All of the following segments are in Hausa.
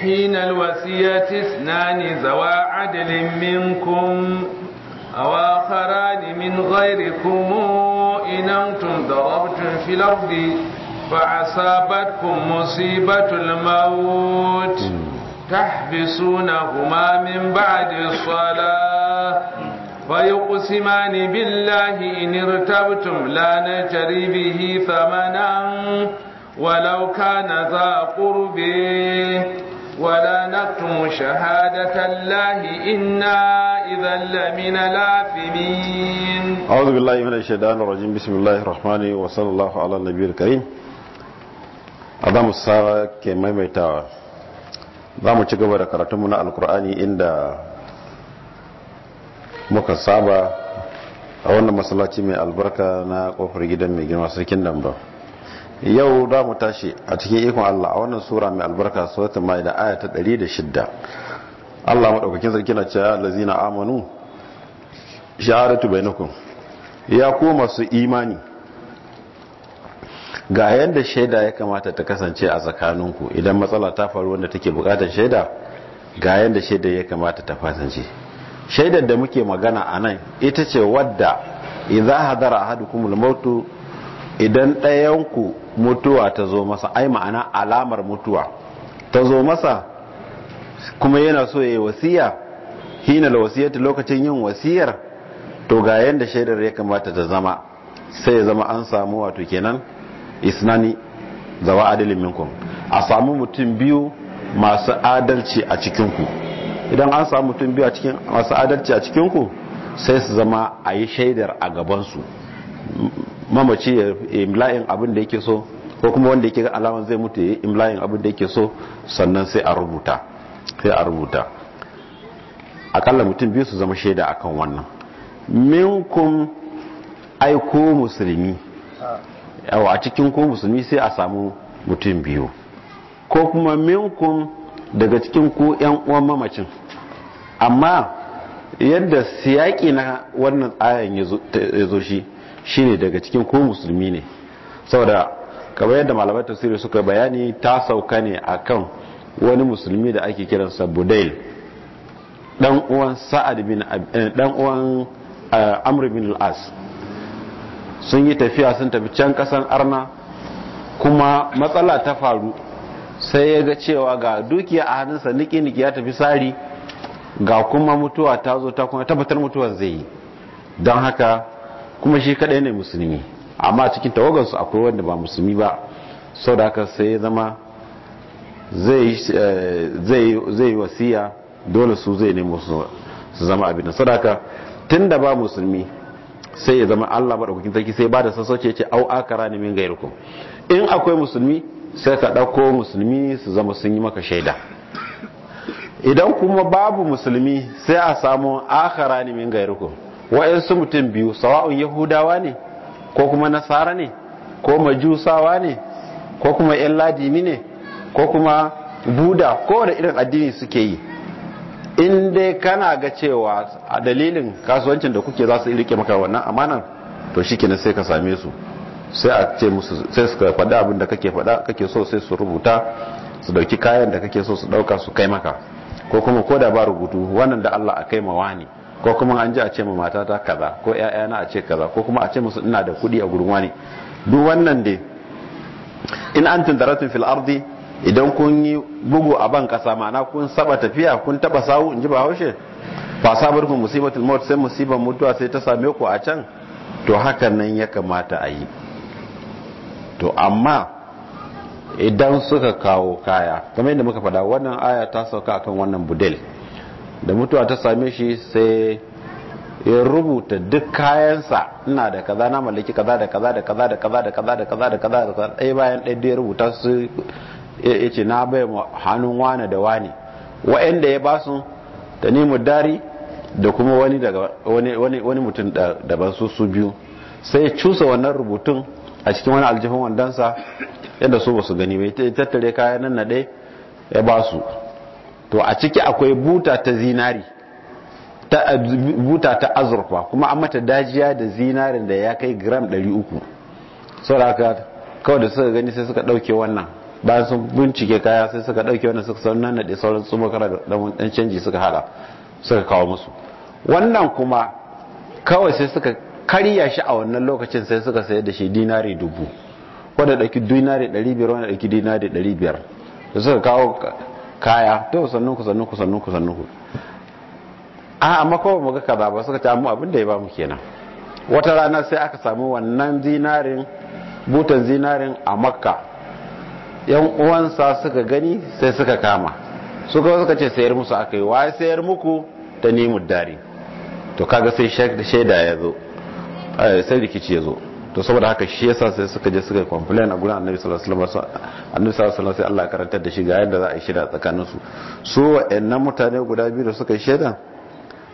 حين الوصية اثنان ذوى عدل منكم أو آخران من غيركم إن أنتم ضربتم في الأرض فأصابتكم مصيبة الموت تحبسونهما من بعد الصلاة فيقسمان بالله إن ارتبتم لا نشري به ثمنا ولو كان ذا قربه ولا نكتم شهادة الله إنا إذا لمن الآثمين أعوذ بالله من الشيطان الرجيم بسم الله الرحمن الرحيم وصلى الله على النبي الكريم أدام الساعة كما ميتا za mu ci gaba da karatunmu na alkur'ani inda muka saba a wannan masallaci mai albarka na kofar gidan mai girma sarkin damba yau da mu tashi a cikin ikon Allah a wannan sura mai albarka suratul maida aya ta 106 Allah madaukakin sarki na cewa allazina amanu sha'aratu bainakum ya ku masu imani ga yadda shaida ya kamata ta kasance a tsakaninku idan matsala ta faru wanda take bukatar shaida ga yadda shaida ya kamata ta fasance. shaidar da muke magana a nan ita ce wadda idza hadara kuma mautu idan ɗayanku mutuwa ta zo masa ai ma'ana alamar mutuwa ta zo masa kuma yana so ya yi wasiya hina da lokacin yin wasiyar to ga yadda shaidar ya kamata ta zama sai ya zama an samu wato kenan isnani zawa adalin minkum a samu mutum biyu masu adalci a cikinku idan an samu mutum biyu masu adalci a cikinku sai su zama a yi shaidar a gabansu mamaci ya imla'in abin da yake so ko kuma wanda yake ga alaman zai mutu ya imla'in abin da yake so sannan sai a rubuta sai a rubuta akalla mutum biyu su zama shaida akan wannan minkum aiko musulmi yawa a cikin ku musulmi sai a samu mutum biyu ko kuma minkum daga cikin ku yan uwan mamacin amma yadda siyaki na wannan ayan ya zo shi shine daga cikin ko musulmi ne saboda kamar yadda malamai tafsiri suka bayani ta sauka ne akan wani musulmi da ake kiran sa budail dan uwan sa'ad bin eh, dan uwan eh, amr bin al-as sun yi tafiya sun tafi can kasan arna kuma matsala ta faru sai ya ga cewa ga dukiya a hannunsa niki-niki ya tafi sari ga kuma mutuwa ta zo ta kuma tabbatar mutuwar zai yi don haka kuma shi kadai ne musulmi amma cikin tawagansu akwai wanda ba musulmi ba sau da haka sai ya zama eh, zai yi wasiya dole su zai nemo su zama abinan sau da haka tun da ba musulmi sai ya zama allah maɗaukakin sarki sai ba da sassauce ce au akara ne min gairuku in akwai musulmi sai ka ɗauko musulmi su zama sun yi maka shaida idan kuma babu musulmi sai a samu akara ne min gairuku. wa'yansu mutum biyu sawa'un yahudawa ne ko kuma nasara ne ko majusawa ne ko kuma yan ladini ne ko kuma buda ko da irin addini suke yi in dai kana ga cewa a dalilin kasuwancin da kuke za su rike maka wannan amanan to shi kina sai ka same su sai a ce musu sai suka faɗa abin da kake faɗa kake so sai su rubuta su dauki kayan da kake so su ɗauka su kai maka ko kuma ko da ba rubutu wannan da Allah a kai mawa ne ko kuma an ji a ce ma matata kaza ko ƴaƴana a ce kaza ko kuma a ce musu ina da kuɗi a gurin wani duk wannan dai in an daratun fil ardi idan kun yi bugu a ban kasa mana kun saba tafiya kun taba sawu in ji ba haushe fa ku musibatul maut sai musibar mutuwa sai ta same ku a can to hakan nan ya kamata a yi to amma idan suka kawo kaya kamar yadda muka faɗa wannan aya ta sauka akan wannan budel da mutuwa ta same shi sai ya rubuta duk kayansa ina da kaza na mallaki kaza da kaza da kaza da kaza da kaza da kaza da kaza bayan ɗaya da ya rubuta su ya ce na bai hannun wane da wane wa'anda ya ba su da ni mudari da kuma wani daga wani mutum daban su su biyu sai ya cusa wannan rubutun a cikin wani aljihun wandansa yadda su ba su gani bai tattare kayan nan na ɗaya ya ba su to a ciki akwai buta ta zinari ta eh, buta ta azurfa kuma an mata dajiya da zinarin da ya kai gram 300 saboda kawai da suka gani sai suka dauke wannan bayan sun bincike kaya sai suka dauke wannan suka san nan da sauran su kara da dan canji suka hada suka kawo musu wannan kuma kawai sai suka karya shi a wannan lokacin sai suka sayar da shi dinari dubu wanda dauki dinari 500 wanda dauki dinari 500 da suka kawo kaya to sannu ku sannu ku sannu ku sannu ku a ah, amma ko mu ga kaza ba suka ce amma ah, abin da ya ba mu kenan wata rana sai aka samu wannan zinarin butan zinarin a makka yan uwansa suka gani sai suka kama suka suka ce sayar musu aka yi waye sayar muku ta nemi dari to kaga sai shaida ya zo eh, sai rikici ya zo to saboda haka shi yasa sai suka je suka complain a gurin annabi sallallahu alaihi wasallam annabi sallallahu alaihi wasallam sai Allah karantar da shi ga yadda za a yi shida tsakanin su su wa'annan mutane guda biyu da suka yi shaidan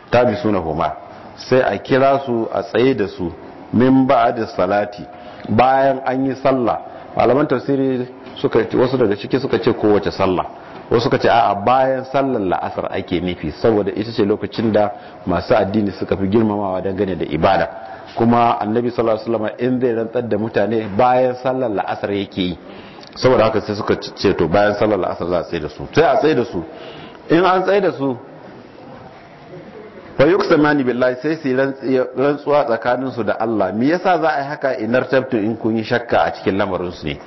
tabi suna huma sai a kira su a tsaye da su min da salati bayan an yi sallah malaman tafsiri suka wasu daga ciki suka ce kowace sallah wasu suka ce a'a bayan sallar la'asar ake nufi saboda ita ce lokacin da masu addini suka fi girmamawa dangane da ibada kuma annabi sallallahu alaihi wasallam in zai rantsar da mutane bayan sallar la'asar yake yi saboda haka sai suka ce to bayan sallar la'asar za a tsaye da su sai a tsaye da su in an tsaye da su fa yuksamani billahi sai su rantsuwa tsakanin su da Allah me yasa za a yi haka inar tabtu in kun yi shakka a cikin lamarin su ne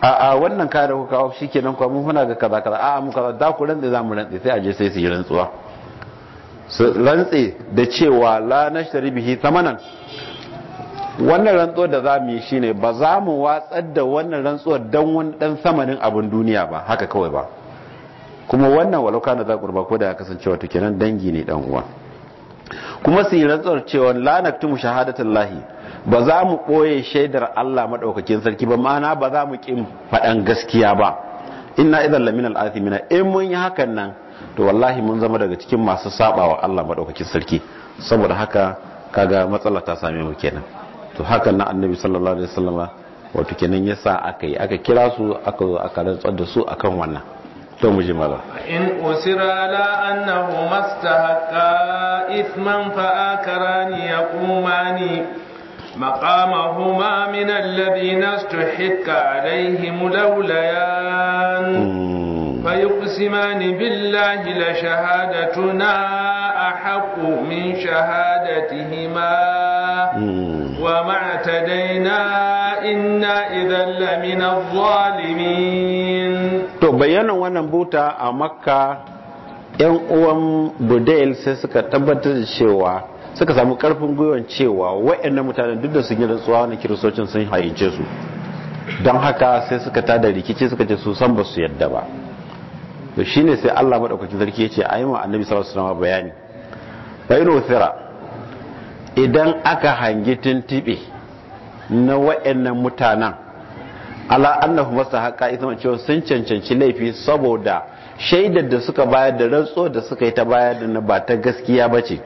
a a wannan ka da kuka kawo kenan kuma mun huna ga kaza kaza a mu kaza da ku rantsi za mu rantsi sai a je sai su yi rantsuwa su rantsi da cewa la nashtari bihi tamanan wannan rantsuwar da za mu yi shine ba za mu watsar da wannan rantsuwar don wani dan samanin abin duniya ba haka kawai ba kuma wannan walauka na zaƙurba ko da ya kasance wata kenan dangi ne dan uwa kuma su yi rantsuwar cewa la mu shahadatun lahi ba za mu ɓoye shaidar Allah maɗaukakin sarki ba ma'ana ba za mu ƙin faɗan gaskiya ba Ina idan lamina al'athimina in mun yi hakan nan to wallahi mun zama daga cikin masu sabawa Allah maɗaukakin sarki saboda haka kaga matsala ta same mu kenan to haka na annabi sallallahu alaihi wasallam wato kenan yasa aka aka kira su aka zo aka rantsar da su akan wannan to mu ji mala in usira la annahu mastahaqqa isman fa akarani yaqumani مقامهما من الذين استحق عليهم لوليان فيقسمان بالله لشهادتنا أحق من شهادتهما وما اعتدينا إنا إذا لمن الظالمين to bayanan wannan buta a makka yan uwan budel sai suka tabbatar da cewa suka samu karfin gwiwan cewa na mutanen duk da sun yi rantsuwa na kiristocin sun hayince su don haka sai suka tada rikici suka ce su san ba su yadda ba shi ne sai Allah madaukakin sarki ya ce yi wa annabi sallallahu alaihi bayani bayin idan aka hangi tintibe na wa'annan mutanen ala annahu masa haka ita mace sun cancanci laifi saboda shaidar da suka bayar da rantso da suka yi ta bayar da na ba ta gaskiya ba ce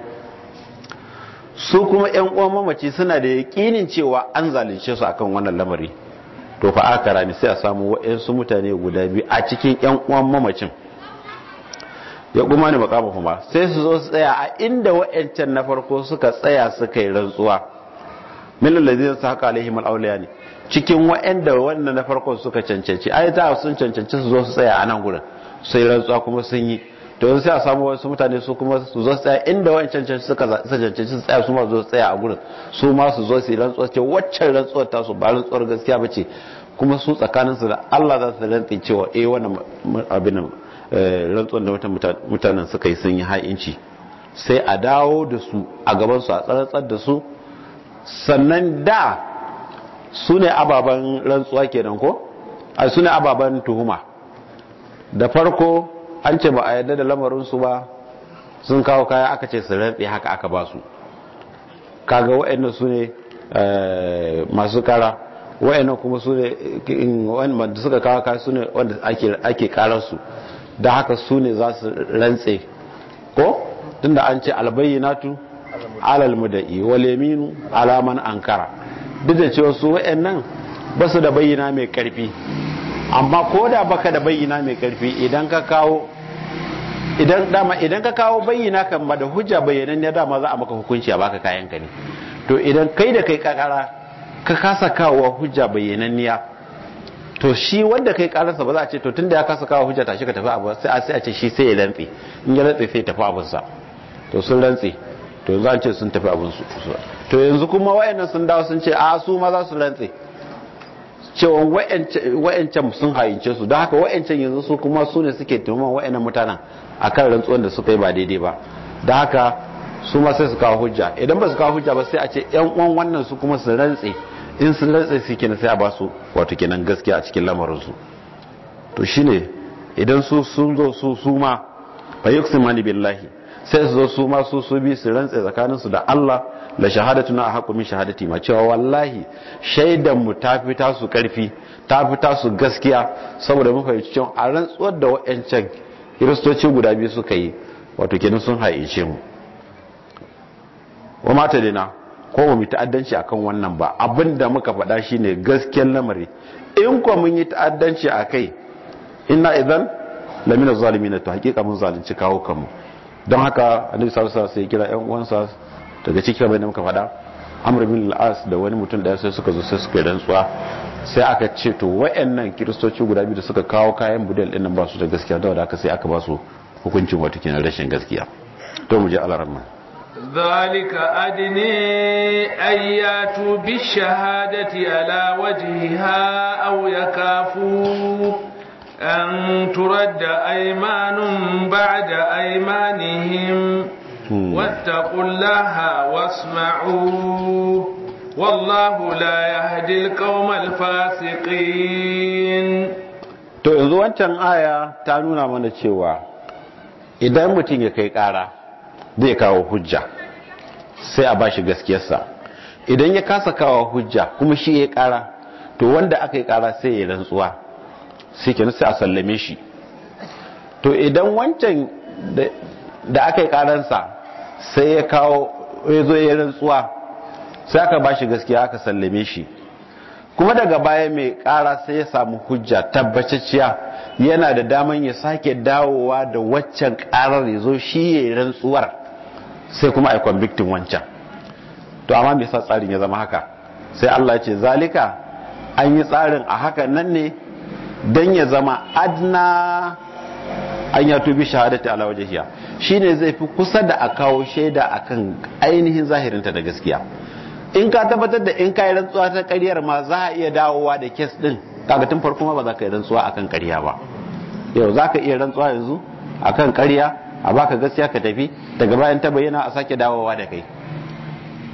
su kuma yan uwan mamaci suna da yaƙinin cewa an zalunce su akan wannan lamari to fa aka rami sai a samu wa'ansu mutane guda biyu a cikin yan uwan mamacin ya kuma ne makamu kuma sai su zo su tsaya a inda wa'ancan na farko suka tsaya suka yi rantsuwa min sa haƙa alaihimar alawliya ne cikin wa'anda wannan na farko suka cancanci ai ta sun cancanci su zo su tsaya a nan gurin sai rantsuwa kuma sun yi to sai a samu wasu mutane su kuma su zo tsaya inda wa'ancan can suka cancanci su tsaya su ma zo tsaya a gurin su ma su zo su yi rantsuwa ce waccan rantsuwar ta su ba rantsuwar gaskiya ba ce kuma su tsakaninsu da Allah za su rantsi cewa eh wannan abin Eh, rantsuwan da wata mutanen suka yi sun yi ha'inci sai a dawo da su a gabansu a tsaratsar da su sannan da su ne ababen rantsuwa nan ko a su ne ababen tuhuma da farko an ce ba a yadda da lamarinsu ba sun kawo kaya aka ce su rantsi haka aka ba su kaga wa'annan su ne eh, masu kara wa'annan kuma su ne wanda suka kawo kaya su ne wanda ake kararsu da haka su ne za su rantse ko tunda an ce albayyinatu alal mudai wal yaminu ala alaman ankara duk da cewa su wayannan ba su da bayyana mai karfi amma ko da baka da bayyana mai karfi idan ka kawo idan dama idan ka kawo bayyana kan ba da hujja bayyanan ne dama za a maka hukunci a baka kayan ka ne to idan kai da kai kakara ka kasa kawo hujja bayyananniya to shi wanda kai karansa ba za a ce to tunda ya kasa kawo hujja tashi ka tafi abu sai a sai a ce shi sai ya rantse in ya rantse sai tafi abun sa to sun rantse to yanzu an ce sun tafi abun su to yanzu kuma wayannan sun dawo sun ce a su ma za su rantse cewa wayancan sun hayince su don haka wayancan yanzu su kuma su ne suke tuhuman wayannan mutanen akan rantsuwan da suka yi ba daidai ba don haka su ma sai su kawo hujja idan ba su kawo hujja ba sai a ce yan uwan wannan su kuma su rantse in sun rantsa su kenan sai a ba su wato kenan gaskiya a cikin su to shine idan su sun zo su su ma fa yuqsimani billahi sai su zo su ma su su bi su rantsa tsakanin su da Allah la shahadatuna a min shahadati ma cewa wallahi shaidan mu ta fita su karfi ta fita su gaskiya saboda mu fahimci cewa a rantsuwar da wayancan kiristoci guda biyu suka yi wato kenan sun haice mu wa mata dina ko mu yi ta'addanci akan wannan ba abin da muka faɗa shine gaskiyar lamari in ko mun yi ta'addanci a akai inna idan lamina zalimin to hakika mun zalunci kawo kanmu don haka annabi sallallahu alaihi wasallam kira ƴan uwansa daga cikin abin da muka faɗa amr bin al-as da wani mutum da sai suka zo sai suka rantsuwa sai aka ce to wayannan kiristoci guda biyu da suka kawo kayan budal din nan ba su da gaskiya da aka sai aka ba su hukuncin wato kenan rashin gaskiya to mu je alaramma ذلك أدني أن ياتوا بالشهادة على وجهها أو يكافوا أن ترد أيمان بعد أيمانهم واتقوا الله واسمعوا والله لا يهدي القوم الفاسقين to yanzu wancan aya ta nuna mana cewa idan mutum zai kawo hujja sai a shi gaskiyarsa idan ya kasa kawo hujja kuma shi ya kara to wanda aka yi kara sai ya rantsuwa sai kenan sai a sallame shi to idan wancan da aka yi karansa sai ya kawo ya zo ya rantsuwa sai aka ba shi gaskiya aka sallame shi kuma daga baya mai kara sai ya samu hujja tabbaciciya yana da daman ya sake dawowa da waccan karar ya zo shi ya yi rantsuwar sai kuma ai convictin wancan to amma me yasa tsarin ya zama haka sai Allah ya ce zalika an yi tsarin a haka nan ne dan ya zama adna an ya tubi shahadati ala Shi ne zai fi kusa da a kawo shaida akan ainihin zahirinta da gaskiya in ka tabbatar da in yi rantsuwa ta karyar ma za a iya dawowa da kes din kaga tun farko ma ba za ka yi rantsuwa akan ƙarya ba yau za ka iya rantsuwa yanzu akan karya? a baka gaskiya ka tafi daga bayan ta bayyana a sake dawowa da kai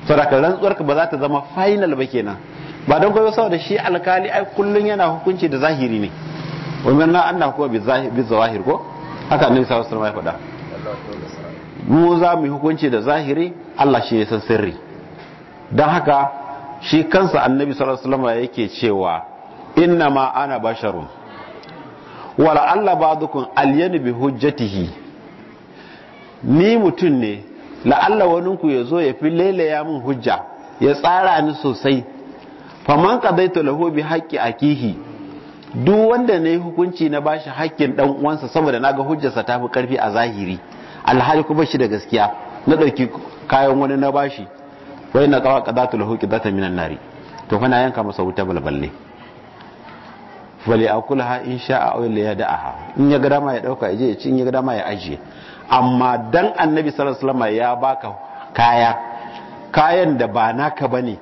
sadaka rantsuwar ka ba za ta zama final ba kenan ba don koyo saboda shi alkali ai kullun yana hukunci da zahiri ne wannan na Allah ko bi zawahir ko haka annabi sallallahu alaihi wasallam ya faɗa mu za mu hukunci da zahiri Allah shi ya san sirri don haka shi kansa annabi sallallahu alaihi wasallam yake cewa inna ma ana basharun wala Allah ba'dukum alyani bi hujjatihi ni mutum ne la'alla waninku ya zo ya fi lailaya min hujja ya tsara ni sosai faman zai lahu bi haƙƙi a kihi, duk wanda na yi hukunci na bashi haƙƙin ɗan uwansa saboda ga hujjarsa ta fi karfi a zahiri alhali kuma shi da gaskiya na ɗauki kayan wani na bashi wai na qawa qadaitu lahu qidata minan nari to fa yanka masa wuta balballe wali ha in sha'a a ya da'a, in ya ga dama ya ɗauka ya je ya ci in ya ga dama ya ajiye amma dan annabi sallallahu alaihi ya baka kaya kayan da ba naka bane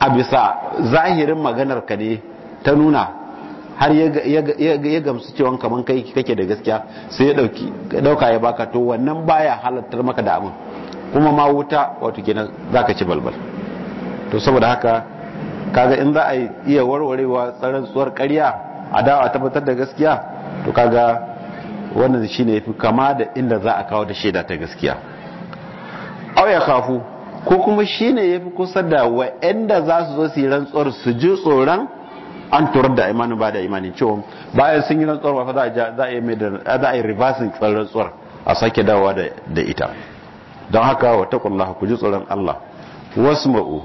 a bisa zahirin maganar ka ne ta nuna har ya gamsu cewa kaman kai kake da gaskiya sai ya dauki dauka ya baka to wannan baya halartar maka da abin kuma ma wuta wato kenan zaka ci balbal to saboda haka kaga in za a iya warwarewa tsaron tsuwar ƙarya a dawa tabbatar da gaskiya to kaga wannan shi ne fi kama da inda za a kawo da shaida ta gaskiya auya kafu ko kuma shi ne ya fi kusa da wa'anda za su zo su yi rantsuwar su ji tsoron an turar da imanin ba da imanin cewa bayan sun yi rantsuwar ba za a yi reversing rantsuwar a sake dawowa da ita don haka wa taƙullah ku ji tsoron Allah wasu ma'u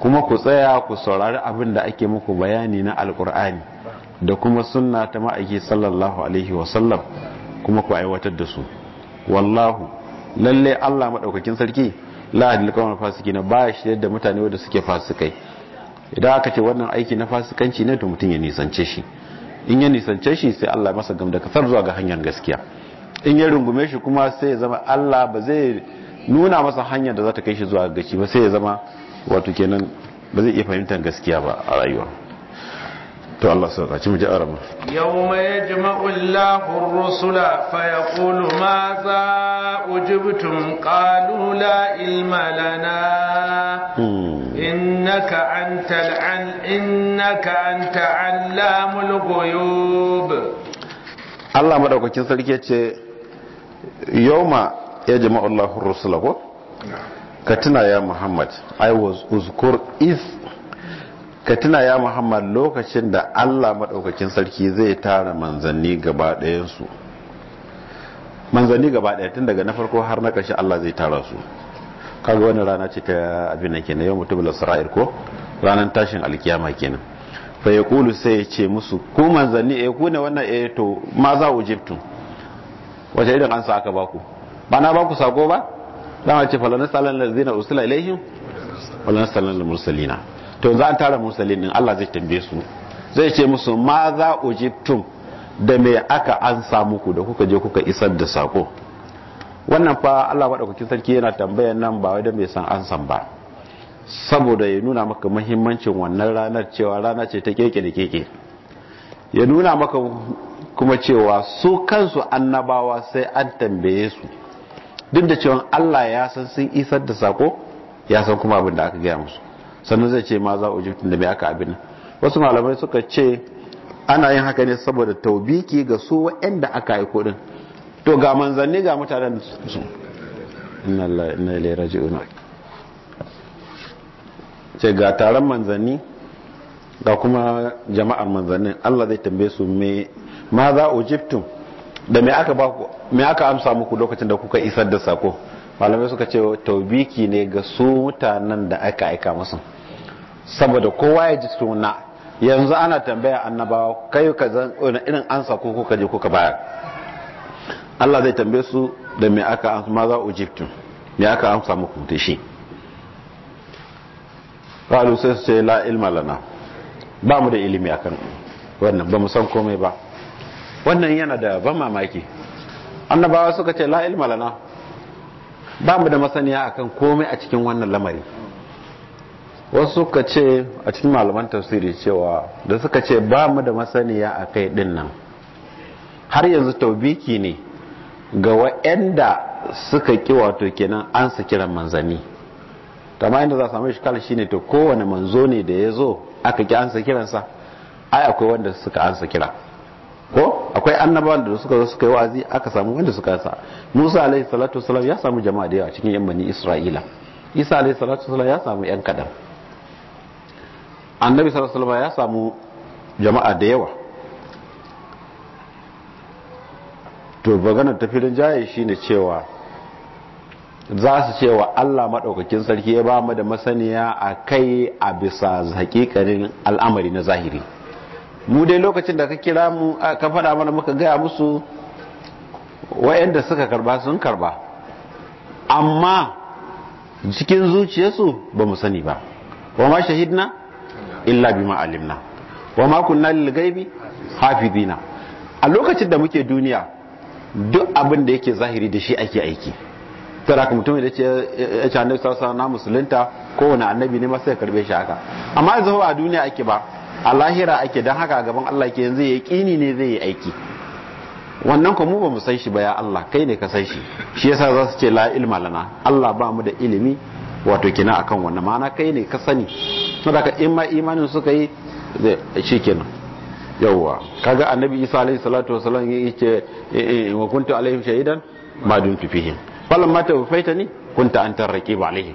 kuma ku tsaya ku saurari abin da ake muku bayani na alƙur'ani da kuma sunna ta ma'aiki sallallahu alaihi wasallam kuma ku aiwatar da su wallahu lalle Allah madaukakin sarki la adil fasiki na baya shi da mutane wanda suke fasikai idan aka ce wannan aiki na fasikanci ne to mutum ya nisance shi in ya nisance shi sai Allah masa gamda kasar zuwa ga hanyar gaskiya in ya rungume shi kuma sai ya zama Allah ba zai nuna masa hanyar da za ta kai shi zuwa gaci ba sai ya zama wato kenan ba zai iya fahimtar gaskiya ba a rayuwa to Allah sauka ci mu ji arama yawma yajma'u Allahu ar-rusula fa yaqulu ma za ujibtum qalu la ilma lana hmm. innaka antal an innaka anta allamul ghuyub Allah madaukakin sarki yace yawma yajma'u Allahu ar-rusula ko ka tuna ya Muhammad I was uzkur is ka tuna ya muhammad lokacin da allah maɗaukakin sarki zai tara manzanni gaba ɗayansu manzanni gaba ɗaya tun daga na farko har na ƙarshe allah zai tara su kaga wani rana ce ta abin da kenan yau mutum lasra'ir ko ranar tashin alkiyama kenan fa ya kulu sai ya ce musu ku manzanni eh ku ne wannan eh to ma za ujibtu wace irin an sa aka baku ba na baku sako ba dama ce falana salan lazina usila ilaihim falana salan mursalina to za an tara musalin din Allah zai tambaye su zai ce musu ma za ujibtum da me aka an sa muku da kuka je kuka isar da sako wannan fa Allah madaukakin sarki yana tambayan nan ba wai da mai san an san ba saboda ya nuna maka muhimmancin wannan ranar cewa rana ce ta keke da keke ya nuna maka kuma cewa su kansu annabawa sai an tambaye su duk da cewa Allah ya san sun isar da sako ya san kuma abin da aka gaya musu sannan zai ce ma za ujiftin da me aka abin wasu malamai suka ce ana yin haka ne saboda taubiki ga su waɗanda aka yi kuɗin to ga manzanni ga mutanen su inna ilaihi una ce ga taron manzanni ga kuma jama'ar manzanni Allah zai tambaye su ma za ujiftin da mai me aka amsa muku lokacin da kuka isar da sako malamai suka ce taubiki ne ga su mutanen da aka aika musu saboda kowa ya ji suna yanzu ana tambaya annabawa kai ka zan irin ansa ko kuka je kuka bayar Allah zai tambaye su da me aka amsa ma za ujiftu me aka amsa muku da shi qalu sai su ce la ilma lana ba mu da ilimi akan wannan ba mu san komai ba wannan yana da ban mamaki annabawa suka ce la ilma lana ba mu da masaniya akan komai a cikin wannan lamari wasu suka ce a cikin malaman tafsiri cewa da suka ce ba mu da masaniya a kai din nan har yanzu taubiki ne ga wa'anda suka ki wato kenan an su kiran manzanni tamma inda za a samu shikal shine to kowane manzo ne da ya zo aka ki an su kiransa ai akwai wanda suka an su kira ko akwai annabawan da suka zo suka yi wa'azi aka samu wanda suka sa Musa alaihi salatu wasallam ya samu jama'a da yawa cikin yan bani Isra'ila Isa alaihi salatu wasallam ya samu yan kadan Annabi sallallahu alaihi wasallam ya samu jama'a da yawa to maganar ta filin jaye shine cewa za su ce wa Allah maɗaukakin sarki ya ba mu da masaniya a kai a bisa hakikarin al'amari na zahiri mu dai lokacin da ka kira mu ka faɗa mana muka gaya musu wa'anda suka karba sun karba amma cikin zuciyarsu ba mu sani ba wa ma shahidna illa bima alimna wa ma kunna lil ghaibi hafizina a lokacin da muke duniya duk abin da yake zahiri da shi ake aiki tara ka mutum da ce ya ce annabi sallallahu alaihi wasallam musulunta kowane annabi ne ma sai karbe shi haka amma yanzu ba a duniya ake ba a lahira ake don haka gaban Allah ke yanzu ya kini ne zai yi aiki wannan kuma ba mu san shi ba ya Allah kai ne ka san shi shi yasa za su ce la ilma lana Allah ba mu da ilimi wato kina akan wannan ma'ana kai ne ka sani saboda in ma imanin suka yi shi kenan yawwa kaga annabi Isa alaihi salatu wasallam yace eh, eh, eh, wa kuntu alaihim shahidan ma dun fihim falamma ni kunta antar raqib alaihim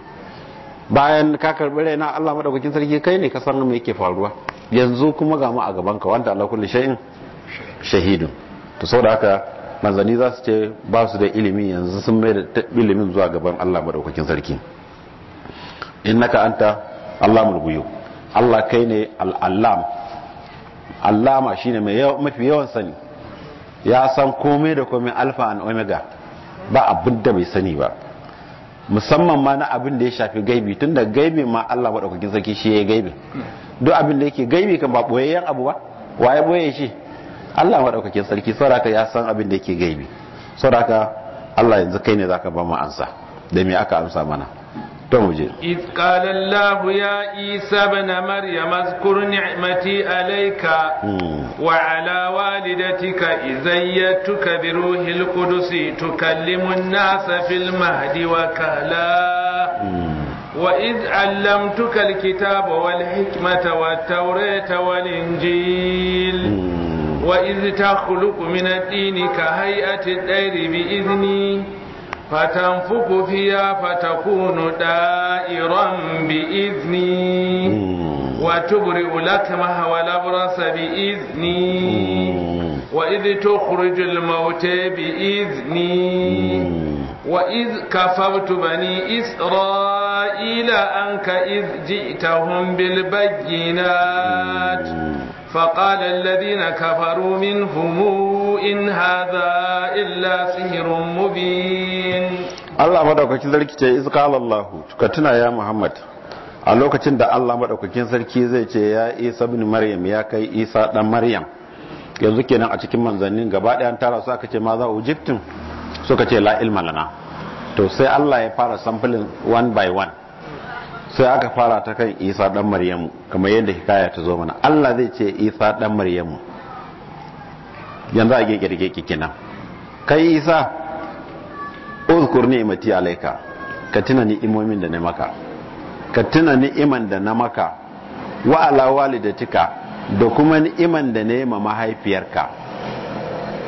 bayan ka karbi raina Allah madaukakin sarki kai ne ka san me yake faruwa yanzu kuma ga mu a gaban ka wanda Allah kulli shay'in shahidu. to saboda haka manzani za su ce ba su da ilimi yanzu sun mai da ilimin zuwa gaban Allah madaukakin sarki In innaka anta Allah ghuyub Allah kai ne al allama shine mai mafi yawan sani ya san komai da komai alfa and omega ba abin da bai sani ba musamman ma na abin da ya shafi gaibi tun da gaibi ma Allah maɗaukakin sarki shi ya gaibi duk abin da yake gaibi kan ba ɓoyayyen abu ba wa ya ɓoye shi Allah maɗaukakin sarki sauraka ya san abin da yake gaibi sauraka Allah yanzu kai ne zaka ba mu ansa da me aka amsa mana don ya isa bane maryam azkur ni'mati alaika hmm. wa ala ka izayyatu bi ruhil qudus tukallimun nas fil mahdi wa kala hmm. wa id allamtuka alkitaba wal hikmata wat tawrata wal injil hmm. wa id takhluqu min at ka hay'ati at-tayri bi idni فتنفق فيها فتكون دائرا بإذني وتبرئ لكمها والأبرص بإذني وإذ تخرج الموت بإذني وإذ كفرت بني إسرائيل أنك إذ جئتهم بالبينات فقال الذين كفروا منهم إن هذا إلا سهر مبين Allah madaukakin sarki ce iz qala Allah ka ya Muhammad a lokacin da Allah maɗaukakin sarki zai ce ya Isa bin Maryam ya kai Isa ɗan Maryam yanzu kenan a cikin manzannin gaba ɗayan tara su aka ce ma za ujibtum suka ce la ilma lana to sai Allah ya fara samfilin one by one sai aka fara ta kan isa dan maryamu kamar yadda hikaya ta zo mana allah zai ce isa dan maryamu yanzu a kirkirge kikina kai isa uzkur ni'mati alaika ka tuna ni'imomin da na maka ka tuna ni'iman da na maka wa ala walidatika da kuma ni'iman da na ma mahaifiyarka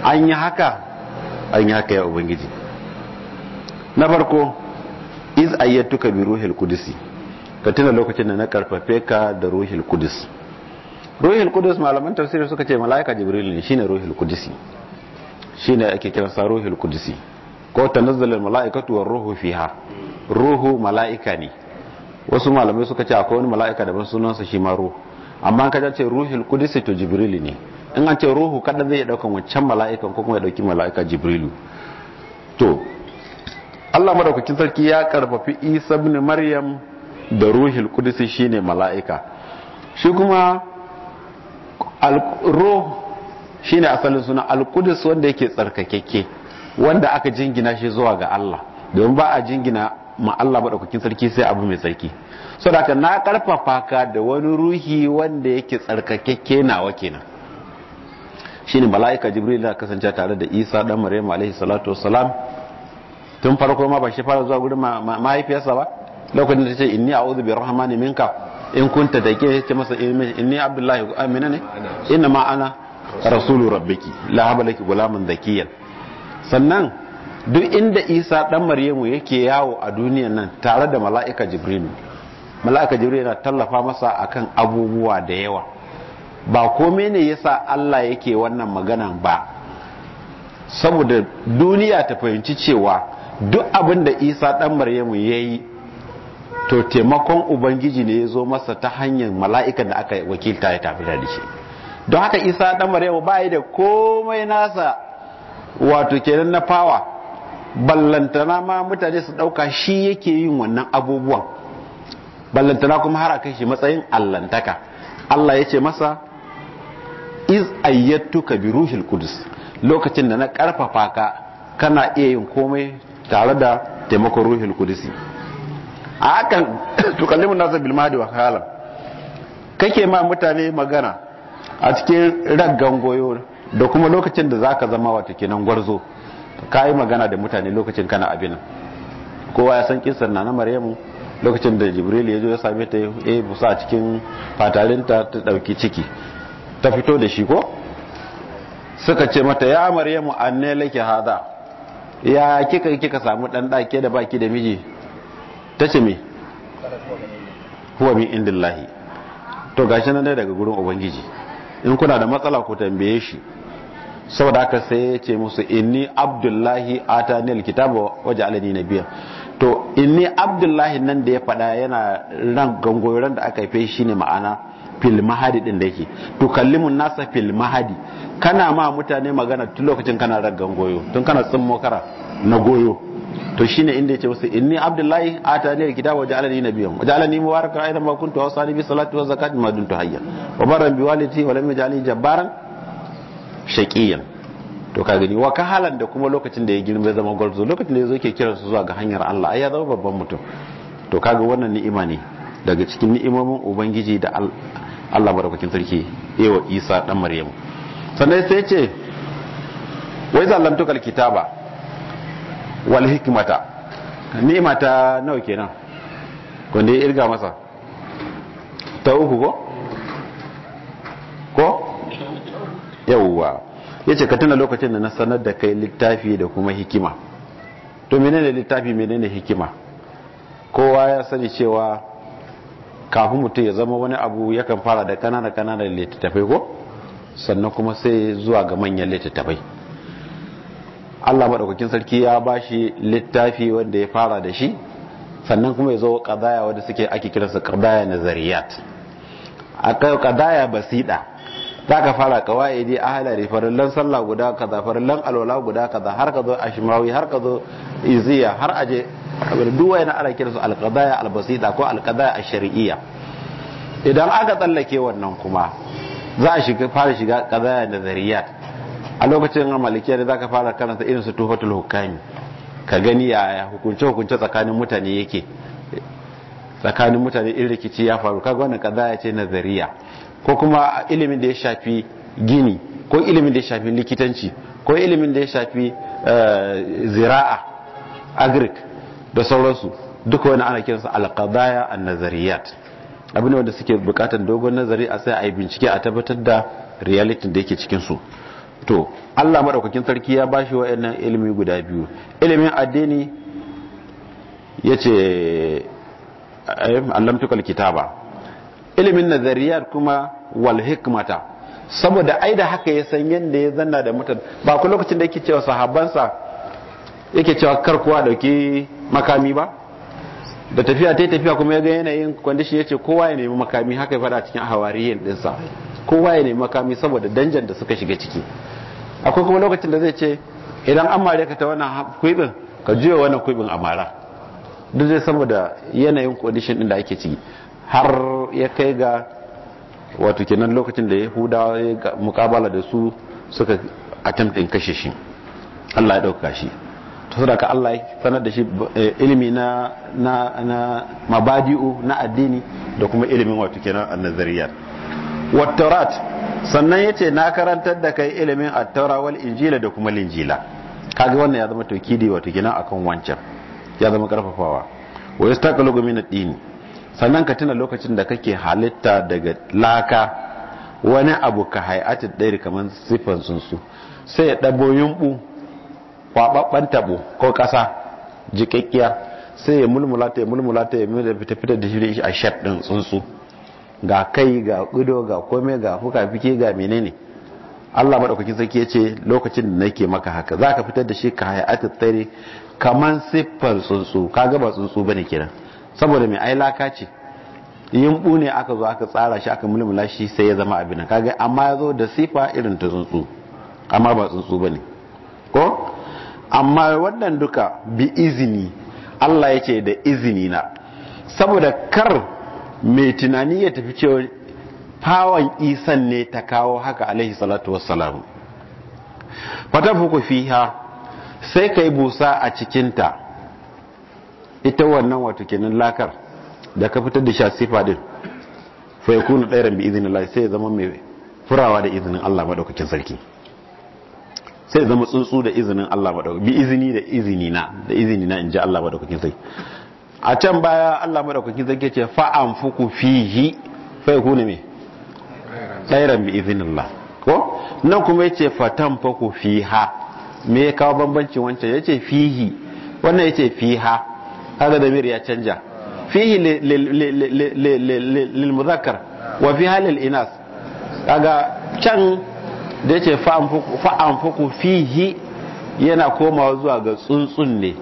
an yi haka an yi haka ya ubangiji na farko iz ayyatuka bi ruhil qudusi ka tuna lokacin da na karfafe ka da ruhul kudus ruhul kudus malaman tafsir suka ce malaika jibril ne shine ruhul kudusi shine ake kira sa ruhul kudusi ko tanazzala malaikatu war ruhu fiha ruhu malaika ne wasu malamai suka ce akwai wani malaika da sunan sunansa shi ma ruhu amma ka ce ruhul kudusi to jibril ne in an ce ruhu kada zai dauka wancan malaika ko kuma ya dauki mala'ika Jibril to Allah madaukakin sarki ya karfafi Isa ibn Maryam da ruhul kudusi shine mala'ika shi kuma ruh shine asalin suna alkudus wanda yake tsarkakeke wanda aka jingina shi zuwa ga Allah domin ba a jingina ma Allah maɗaukakin sarki sai abu mai tsarki saboda na karfafa ka da wani ruhi wanda yake tsarkakeke nawa kenan shine mala'ika jibril ya kasance tare da isa dan maryam alaihi salatu wasalam tun farko ma ba shi fara zuwa gudun mahaifiyarsa ba lokacin da ta ce inni a'udhu bi rahmani minka in kunta take ce masa inni abdullahi amina ne inna ma ana rasulu rabbiki la haba laki gulamin zakiyan sannan duk inda isa ɗan maryamu yake yawo a duniyan nan tare da mala'ika jibril mala'ika jibril yana tallafa masa akan abubuwa da yawa ba komai ne yasa Allah yake wannan maganan ba saboda duniya ta fahimci cewa duk abin da isa ɗan maryamu ya yi to taimakon ubangiji ne ya zo masa ta hanyar mala'ikan da aka wakilta ya tafi da shi don haka isa ɗan maryamu ba da komai nasa wato kenan na fawa ballantana ma mutane su ɗauka shi yake yin wannan abubuwan ballantana kuma har kai shi matsayin allantaka Allah ya ce masa iz ayyatuka bi ruhil Kudus. lokacin da na ƙarfafa ka kana iya yin komai tare da taimakon ruhil kudusi a hakan tukallimin nasa bilmadi wa halam kake ma mutane magana a cikin raggan goyo da kuma lokacin da zaka zama wata kenan gwarzo ka yi magana da mutane lokacin kana abin kowa ya san k'insa na na maryamu lokacin da jibril ya zo ya same ta ya eh, busa a cikin fatalinta ta ɗauki ciki ta fito da shi ko suka ce mata ya maryamu anne ke hada ya kika kika samu dan dake da baki da miji ta ce me huwa min lahi to gashi nan dai daga gurin ubangiji in kuna da matsala ku tambaye shi saboda aka sai ya ce musu inni abdullahi atani alkitaba waje alani na biyan to inni abdullahi nan da ya faɗa yana ran gangoyoran da aka haife shi ne ma'ana fil mahadi din da yake to kallimun nasa fil mahadi kana ma mutane magana tun lokacin kana ran gangoyo tun kana tsimmo kara na goyo to shine inda yace wasu inni abdullahi atani alkitaba wa ja'alani nabiyyan wa ja'alani mubarakan aidan ma kuntu awsani bi salati wa zakati ma dumtu hayya wa baran bi walidati wa lam yaj'alni jabbaran shaqiyan to ka gani wa kahalan da kuma lokacin da ya girma zama gwarzo lokacin da ya zo ke kiran su zuwa ga hanyar Allah ai ya zama babban mutum to kaga wannan ni'ima ne daga cikin ni'imomin ubangiji da Allah madaukakin sarki ewa Isa dan Maryam sannan sai ya ce wai tukal kitaba wal hikmata ni'ima ta nawa kenan wanda ya irga masa ta uku ko ko yawwa yace ka tuna lokacin da na sanar da kai littafi da kuma hikima to menene littafi menene hikima kowa ya sani cewa kafin mutum ya zama wani abu yakan fara da kanana kanana littattafai ko sannan kuma sai zuwa ga manyan littattafai Allah madaukakin sarki ya ba shi littafi wanda ya fara da shi sannan kuma ya zo kadaya wanda suke ake kiransa qadaya a akai kadaya basida ka fara a ahla da farallan sallah guda kaza farallan alwala guda kaza har ka zo ashmawi har ka zo iziya har aje duwa yana ana kiransu alqadaya albasida ko alqadaya a shariyya idan aka tsallake wannan kuma za a shiga fara shiga na zariyat a lokacin malikiya da ka fara karanta irin su tufatul hukami ka gani yaya hukunce hukunce tsakanin mutane yake tsakanin mutane irin rikici ya faru kaga wannan kaza ce nazariya ko kuma ilimin da ya shafi gini ko ilimin da ya shafi likitanci ko ilimin da ya shafi eh, zira'a agric da sauransu duka wani ana kiransa alkadaya a nazariyat abin wanda suke bukatar dogon nazari a sai a yi bincike a tabbatar da reality da yake cikinsu. to Allah maɗaukakin sarki ya bashi wa'annan ilimi guda biyu ilimin addini ya yace eh, allamtukal kitaba ilimin nazariyar kuma wal hikmata saboda ai da haka ya san yadda ya zanna da mutan ba ku lokacin da yake cewa sahabbansa yake cewa kar kuwa dauki makami ba da tafiya ta tafiya kuma ya ga yanayin kwandishin ya ce kowa ya nemi makami haka ya fada cikin hawariyin ɗinsa kowa ya nemi makami saboda danjan da suka shiga ciki akwai kuma lokacin da zai ce idan an mare ka ta wannan kwibin ka juya wannan kwibin a mara duk zai saboda yanayin kwandishin ɗin da ake ciki har ya kai ga wato kenan lokacin da yahudawa ya mukabala da su suka atamtin kashe shi Allah ya ɗauka shi to da ka Allah sanar da shi eh, ilimi na na mabadi'u na addini da kuma ilimin wato kenan nazariya. wattarat sannan yace na karantar da kai ilimin attaura wal injila da kuma linjila kaga wannan ya zama tokidi wato kenan akan wancan ya zama karfafawa wa yastaqalu min ad sannan ka tuna lokacin da kake halitta daga laka wani abu ka hay'atid dair kaman sifan sunsu sai ya dabo yumbu kwababban tabo ko kasa jikakkiya sai ya mulmula ta ya mulmula ta ya mulmula ta fitar da shi a shat ɗin tsuntsu ga kai ga ido ga kome ga kuka fike ga menene Allah maɗaukakin sarki ya ce lokacin da nake maka haka za ka fitar da shi ka hayatu tsari kaman siffar tsuntsu kaga ba tsuntsu bane kiran saboda mai ai laka ce yin ɓune aka zo aka tsara shi aka mulmula shi sai ya zama abin kaga amma ya zo da siffa irin ta tsuntsu amma ba tsuntsu ne ko amma wannan duka bi izini Allah yake da izini na saboda kar mai tunani ya tafi cewa fawon isan ne ta kawo haka alaihi salatu wassalam fata fuku fiha sai ka busa a cikinta ita wannan wato kenan lakar da ka fitar da shasifa din fa yakunu dairan bi idhnillah sai ya zama mai furawa da izinin Allah madaukakin sarki sai zama tsuntsu da izinin Allah madaukakin bi izini da izini na da izini na inji Allah madaukakin sai a can baya Allah madaukakin sai yace fa anfuku fihi fa yakuna me tsairan bi izinillah ko nan kuma yace fa tanfaku fiha me ya kawo bambancin wancan yace fihi wannan yace fiha kaga damir ya canja fihi lil muzakkar wa fiha lil inas kaga can da yace fa'an fihi yana komawa zuwa ga tsuntsun ne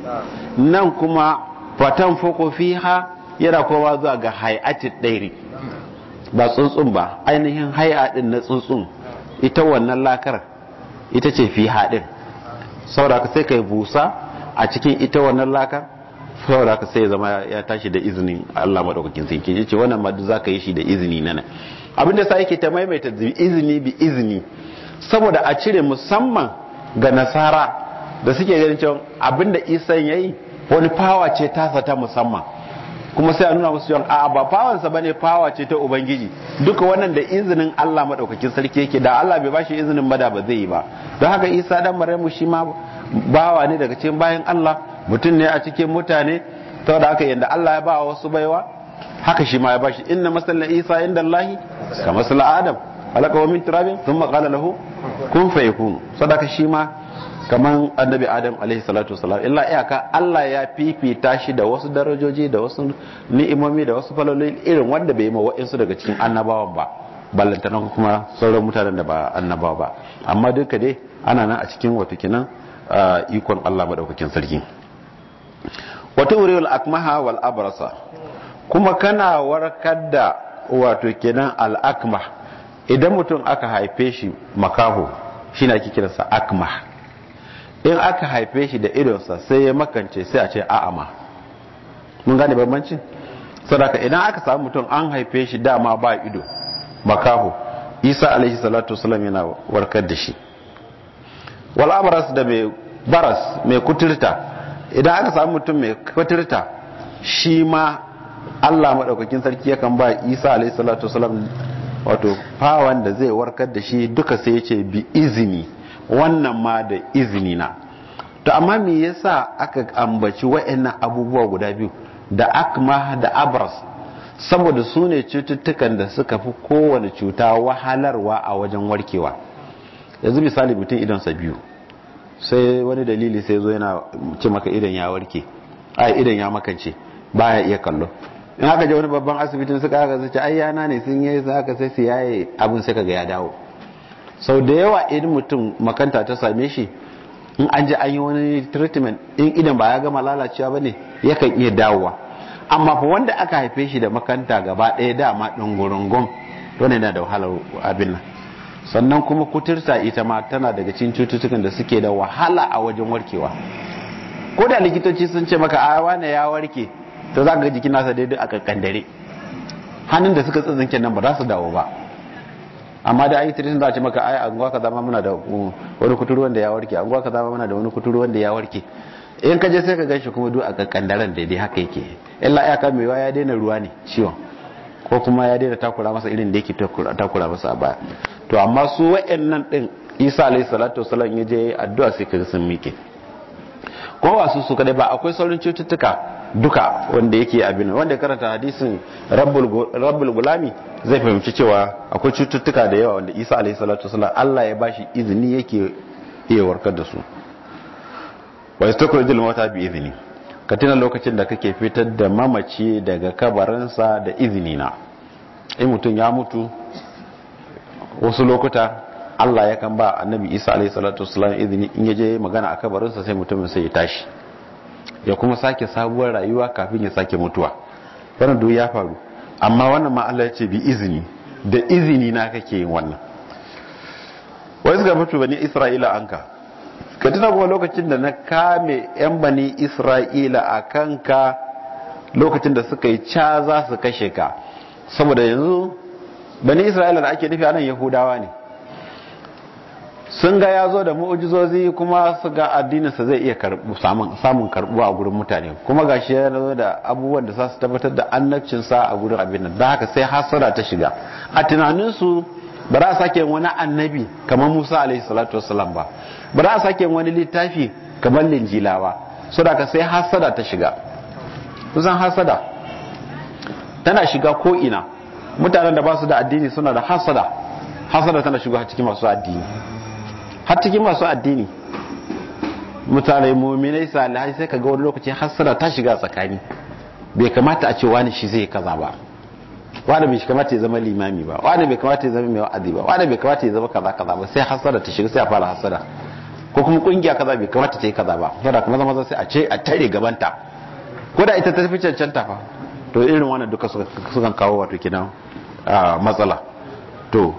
nan kuma fatan fuku fiha yana komawa zuwa ga hai'atin ɗairi ba tsuntsun ba ainihin haia ɗin na tsuntsun ita wannan lakar ita ce fiha ɗin sauraka sai kai busa a cikin ita wannan lakar sauraka sai zama ya tashi da izinin Allah madaukakin sarki ce wannan ma za ka yi shi da izini nana abin da yake ta maimaita izini bi izini saboda a cire musamman ga nasara da suke ganin cewa abinda isa ya yi wani fawa ce tasa ta musamman kuma sai a nuna musu yawan a'a ba fawansa ne fawa ce ta ubangiji duka wannan da izinin Allah maɗaukakin sarki yake da Allah bai bashi izinin bada ba zai yi ba don haka isa dan maryamu shi ma bawa ne daga cikin bayan Allah mutum ne a cikin mutane saboda haka yanda Allah ya ba wasu baiwa haka shi ma ya bashi inna masallin isa inda Allah ka masallin adam alaka min turabin sun qala lahu kun fayakun sadaka shi ma Kamar annabi adam alaihi salatu wasalam illa iyaka Allah ya fifita shi da wasu darajoji da wasu ni'imomi da wasu falolin irin wanda bai ma wa'insu daga cikin annabawan ba ballantana kuma sauran mutanen da ba annabawa ba amma duka dai ana nan a cikin wata kinan ah, ikon Allah maɗaukakin sarki wata wuriyul akmaha wal abrasa kuma kana warkar da wato kenan al idan mutum aka haife shi makaho shi na ake kiransa akma in aka haife shi da idonsa sai ya makance sai a ce a'ama mun gane bambancin sadaka idan aka samu mutum an haife shi dama ba ido makaho isa alaihi salatu wasalam yana warkar da shi wal amras da mai baras mai kuturta idan aka samu mutum mai kuturta shi ma Allah maɗaukakin sarki yakan ba Isa alaihi salatu wasalam wato fawan da zai warkar da shi duka sai ya ce bi izini wannan ma da izini na to amma me yasa aka ambaci wa'annan abubuwa guda biyu da akma da abras saboda su ne cututtukan da suka fi kowane cuta wahalarwa a wajen warkewa yanzu misali mutum idonsa biyu sai wani dalili sai zo yana ce maka idan ya warke a idan ya makance baya iya kallo in aka je wani babban asibitin suka aka zace ai yana ne sun yi sai aka sai su yaye abin sai kaga ya dawo sau da yawa in mutum makanta ta same shi in an ji an yi wani treatment in idan ba ya gama lalacewa ba ne yakan iya dawowa amma fa wanda aka haife shi da makanta gaba ɗaya dama gurungun wani yana da wahalar abin nan sannan kuma kuturta ita ma tana daga cikin cututtukan da suke da wahala a wajen warkewa ko da likitoci sun ce maka a wane ya warke to za ka ga jikin nasa daidai a kankandare hannun da suka tsintsinke nan ba za su dawo ba amma da ayi tirisin za a ce maka ai an gwaka zama muna da wani kuturu wanda ya warke an gwaka zama muna da wani kuturu wanda ya warke in ka je sai ka gashi kuma duk a kankandaren daidai haka yake illa ya kan mewa ya daina ruwa ne ciwon ko kuma ya daina takura masa irin da yake takura masa a baya to amma su wa'annan din isa alayhi salatu wasallam ya je addu'a sai ka ga sun mike ko wasu su kadai ba akwai saurin cututtuka duka wanda yake abin wanda karanta hadisin rabbul gulami zai fahimci cewa akwai cututtuka da yawa wanda isa alaihi salatu wasallam Allah ya bashi izini yake iya warkar da su wa jil mauta bi izini ka tuna lokacin da kake fitar da mamaci daga kabarinsa da izini na in mutum ya mutu wasu lokuta Allah ya kan ba annabi Isa alaihi salatu wasallam izini in ya je magana a kabarinsa sai mutumin sai ya tashi ya kuma sake sabuwar rayuwa kafin ya sake mutuwa wannan duk ya faru amma wannan ma Allah ya ce bi izini da izini na kake yin wannan Wai suka mutu bani isra'ila anka ka tuna kuma lokacin da na kame yan bani isra'ila a kanka lokacin da suka yi ca za su kashe ka saboda yanzu bani isra'ila da ake nufi anan yahudawa ne sun ga ya zo da mu'ujizozi kuma su ga addininsa zai iya samun karbuwa a gurin mutane kuma gashi shi ya zo da abubuwan da za su tabbatar da annabcinsa a gurin abin nan da haka sai hasara ta shiga a tunaninsu ba za a sake wani annabi kamar musa alaihi salatu wasalam ba ba za a sake wani littafi kamar linjila ba so da sai hasada ta shiga kusan hasada tana shiga ko ina mutanen da ba su da addini suna da hasada hasada tana shiga cikin masu addini har cikin masu addini mutane muminai salihai sai kaga wani lokaci hasara ta shiga tsakani bai kamata a ce wani shi zai kaza ba wani bai kamata ya zama limami ba wani bai kamata ya zama mai wa'azi ba wani bai kamata ya zama kaza kaza ba sai hasara ta shiga sai a fara hasara ko kuma kungiya kaza bai kamata ta yi kaza ba saboda kuma zama sai a ce a tare gabanta ko da ita ta fi cancanta fa to irin wannan duka suka kawo wato kina ah, matsala to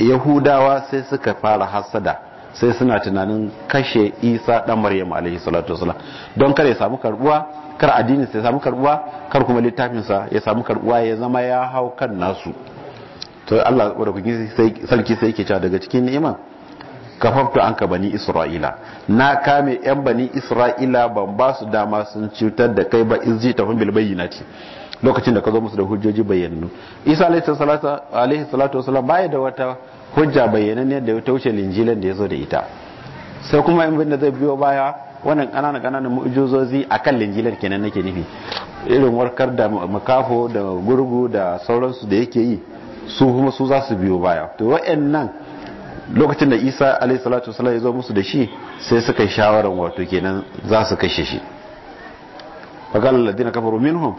yahudawa sai suka fara hasada sai suna tunanin kashe isa ɗan maryam alaihi salatu wasalam don kar ya samu karbuwa kar addinin sai samu karbuwa kar kuma littafinsa ya samu karbuwa ya zama ya hau kan nasu to Allah madaukakin sarki sai yake cewa daga cikin ni'ima an anka bani isra'ila na kame yan bani isra'ila ban ba su dama sun cutar da kai ba izji tafin bil bayyinati lokacin da ka zo musu da hujjoji bayyanannu isa alaihi salatu wasalam baya da wata hujja ne da ya wuce linjilan da ya zo da ita sai kuma in bin da zai biyo baya wannan ƙananan ƙananan mu'ujizozi akan linjilan kenan nake nufi irin warkar da makafo da gurgu da sauransu da yake yi su kuma su za su biyo baya to wa'annan lokacin da isa alaihi salatu wasalam ya zo musu da shi sai suka yi shawaran wato kenan za su kashe shi fagal ladina kafaru minhum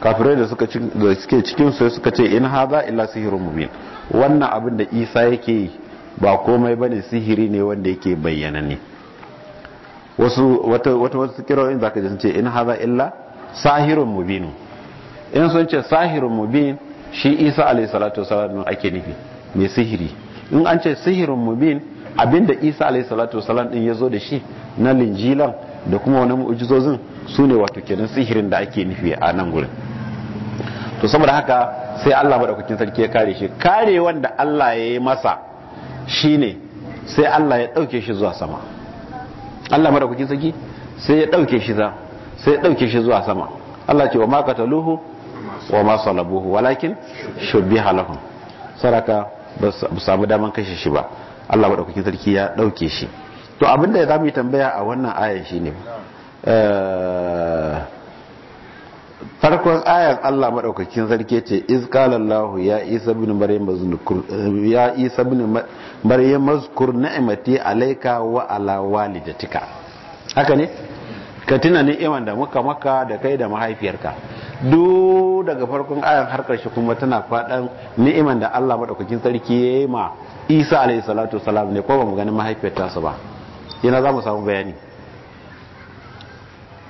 kafirai da suka da suke cikin su suka ce in haza illa sihirun mubin wannan abin da Isa yake yi ba komai bane sihiri ne wanda yake bayyana ne wasu wata wata wasu kiroyin zaka ji sun ce in haza illa sahirun mubin in sun ce sahirun mubin shi Isa alayhi salatu wasallam ake nufi mai sihiri in an ce sihirun mubin abinda Isa alayhi salatu wasallam din yazo da shi na linjilan da kuma wani mu'ujizozin su ne wato kenan sihirin da ake nufi a nan gurin to saboda haka sai Allah madaukakin sarki ya kare shi kare wanda Allah ya yi masa shine sai Allah ya dauke shi zuwa sama Allah madaukakin sarki sai ya dauke shi za sai ya dauke shi zuwa sama Allah ce wa ma qataluhu wa ma salabuhu walakin shubbiha lahum saraka ba su samu daman kashe shi ba Allah madaukakin sarki ya dauke shi to abinda ya zamu tambaya a wannan ayan shine eh, farkon ayan Allah maɗaukakin sarki ce iz ya Isa bin Maryam mazkur na imati ibn wa ala haka ne ka tuna ni'iman da muka maka da kai da mahaifiyarka duk daga farkon ayan harkar shi kuma tana fadan ni'iman da Allah madaukakin sarki yi ma Isa alaihi salatu salam ne ko ba mu ganin mahaifiyar tasu ba yana za mu samu bayani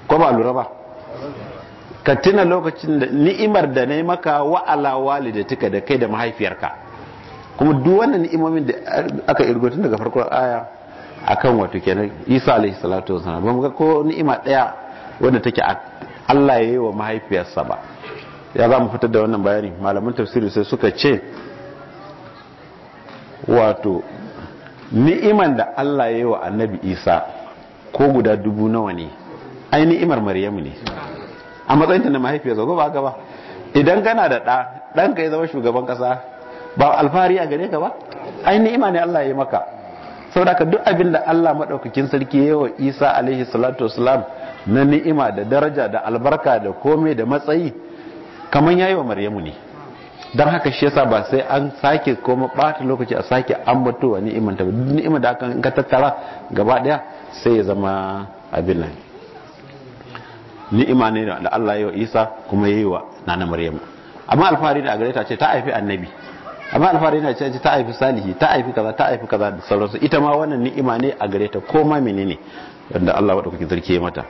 ko ba lura ba ka tuna lokacin da ni'imar da na yi maka wa'ala wali da da kai da mahaifiyarka kuma duk wannan ni'imomin da aka irgo tun daga farkon aya akan wato kenan Isa alaihi salatu wasallam ba mu ga ko ni'ima daya wanda take Allah ya yi wa mahaifiyarsa ba ya za mu fitar da wannan bayani malaman tafsiri sai suka ce wato ni'iman da Allah ya yi wa annabi Isa ko guda dubu nawa ne ai ni'imar Maryamu ne a matsayin ta na mahaifiya ko ba ba idan kana da ɗa ɗan ka yi zama shugaban ƙasa ba alfahari a gare ka ba ai ni'ima ne Allah ya yi maka saboda ka duk abin da Allah maɗaukakin sarki ya yi wa Isa alaihi salatu wasalam na ni'ima da daraja da albarka da komai da matsayi kamar ya yi wa Maryamu ne don haka shi yasa ba sai an sake koma bata lokaci a sake batu wa ni'imar ta duk ni'imar da aka ka tattara gaba daya sai ya zama abin nan ni'ima ne da Allah ya yi Isa kuma ya yi wa nana Maryamu amma alfahari da gareta ce ta haifi annabi amma alfahari na ce ta haifi salihi ta haifi kaza ta haifi kaza da sauransu ita ma wannan ni'ima ne a gareta ta koma menene wanda Allah wadda kuke zarke mata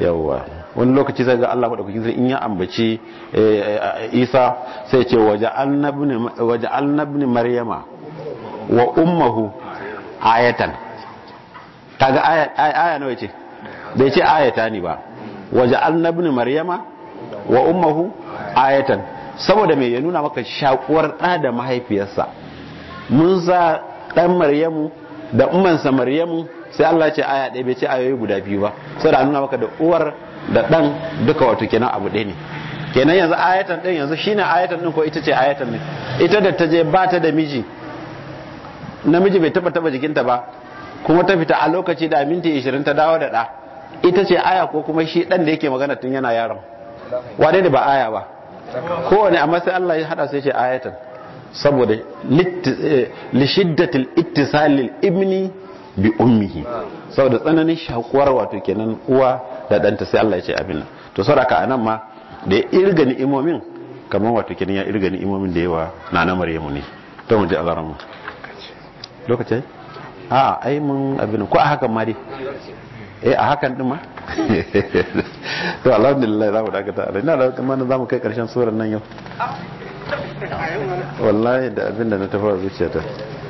yawwa wani lokaci zai ga Allah madaukakin sarki in ya ambaci eh, Isa sai ce waje annabni maryama wa ummuhu ayatan kaga aya aya nawa yace bai ce ayata ne ba waje annabni maryama wa ummuhu ayatan saboda me ya nuna maka shakuwar da da mahaifiyarsa mun za dan maryamu da sa maryamu sai Allah ce aya ɗaya bai ce ayoyi guda biyu ba sai da nuna maka da uwar da ɗan duka wato kenan abu ɗaya ne kenan yanzu ayatan ɗin yanzu shine ayatan ɗin ko ita ce ayatan ne? ita da ta je ba ta da miji namiji bai taba taba jikinta ba kuma ta fita a lokaci da minti 20 ta dawo da ɗa ita ce aya ko kuma shi ɗan da yake magana tun yana yaron wane da ba aya ba kowane amma sai Allah ya hada sai ce ayatan saboda lishiddatil eh, ittisalil ibni bi ummihi saboda tsananin shakuwar wato kenan uwa da danta sai Allah ya ce abin nan to saboda anan ma da ya irga ni'imomin kamar wato kenan ya irga ni'imomin da yawa na na Maryamu ne to mu ji mu lokaci a ai mun abin ko a hakan ma dai eh a hakan din ma to alhamdulillah za mu dakata ina da kuma za mu kai karshen surar nan yau ah, wallahi da abin da na tafawa zuciyata